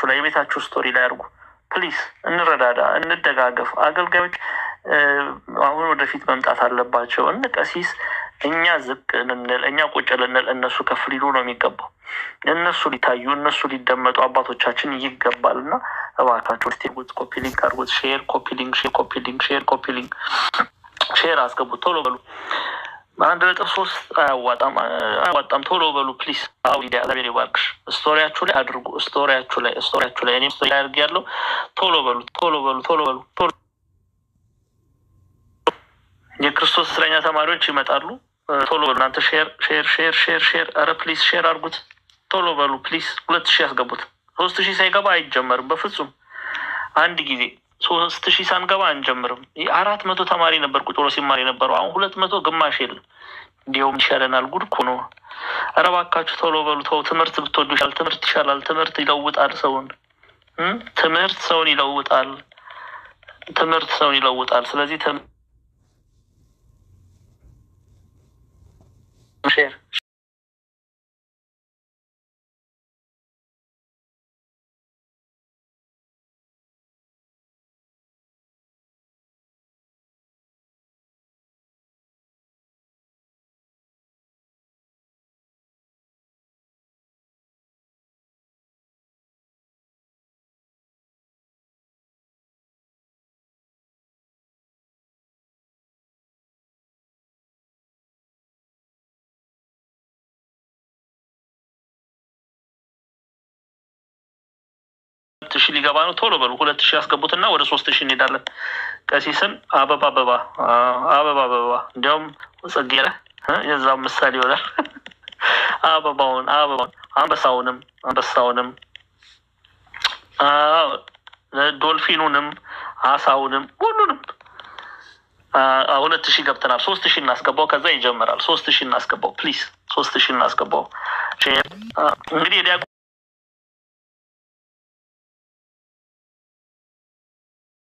ቪዲዮዎቹ ላይ የቤታችሁ ስቶሪ ላይ አድርጉ። ፕሊስ እንረዳዳ፣ እንደጋገፍ። አገልጋዮች አሁን ወደፊት መምጣት አለባቸው። እንቀሲስ እኛ ዝቅ ልንል፣ እኛ ቁጭ ልንል፣ እነሱ ከፍ ሊሉ ነው የሚገባው። እነሱ ሊታዩ፣ እነሱ ሊደመጡ አባቶቻችን ይገባል እና እባካቸው ስቴጉት ኮፒ ሊንክ አድርጉት። ሼር ኮፒ ሊንክ፣ ሼር ኮፒ ሊንክ፣ ሼር ኮፒ ሊንክ፣ ሼር አስገቡት። ቶሎ በሉ። አንድ ነጥብ ሶስት አያዋጣም፣ አያዋጣም። ቶሎ በሉ ፕሊስ። አውዲያ እግዚአብሔር ይባርክሽ። ስቶሪያችሁ ላይ አድርጉ። ስቶሪያችሁ ላይ ስቶሪያችሁ ላይ እኔም ስቶሪ አድርግ ያለው ቶሎ በሉ፣ ቶሎ በሉ፣ ቶሎ በሉ። የክርስቶስ እስረኛ ተማሪዎች ይመጣሉ። ቶሎ በሉ እናንተ። ሼር ሼር ሼር ሼር ሼር። ኧረ ፕሊስ ሼር አድርጉት። ቶሎ በሉ ፕሊስ። ሁለት ሺህ ያስገቡት። ሶስት ሺህ ሳይገባ አይጀመርም በፍጹም አንድ ጊዜ ሶስት ሺህ ሳንገባ አንጀምርም። አራት መቶ ተማሪ ነበር ቁጭ ብሎ ሲማር የነበረው አሁን ሁለት መቶ ግማሽ የለም። እንዲሁም ይሻለናል። ጉድ እኮ ነው። ኧረ እባካችሁ ቶሎ በሉ ተው። ትምህርት ብትወዱ ይሻል። ትምህርት ይሻላል። ትምህርት ይለውጣል ሰውን። ትምህርት ሰውን ይለውጣል። ትምህርት ሰውን ይለውጣል። ስለዚህ ሼር ሺህ ሊገባ ነው። ቶሎ በሉ ሁለት ሺህ ያስገቡትና ወደ ሶስት ሺህ እንሄዳለን። ቀሲስን አበባ አበባ አበባ አበባ እንዲያውም ጽጌረ የዛም ምሳሌ ይሆናል። አበባውን አበባውን አንበሳውንም አንበሳውንም ዶልፊኑንም አሳውንም ሁሉንም ሁለት ሺህ ገብተናል። ሶስት ሺህ እናስገባው፣ ከዛ ይጀምራል። ሶስት ሺህ እናስገባው፣ ፕሊስ ሶስት ሺህ እናስገባው። እንግዲህ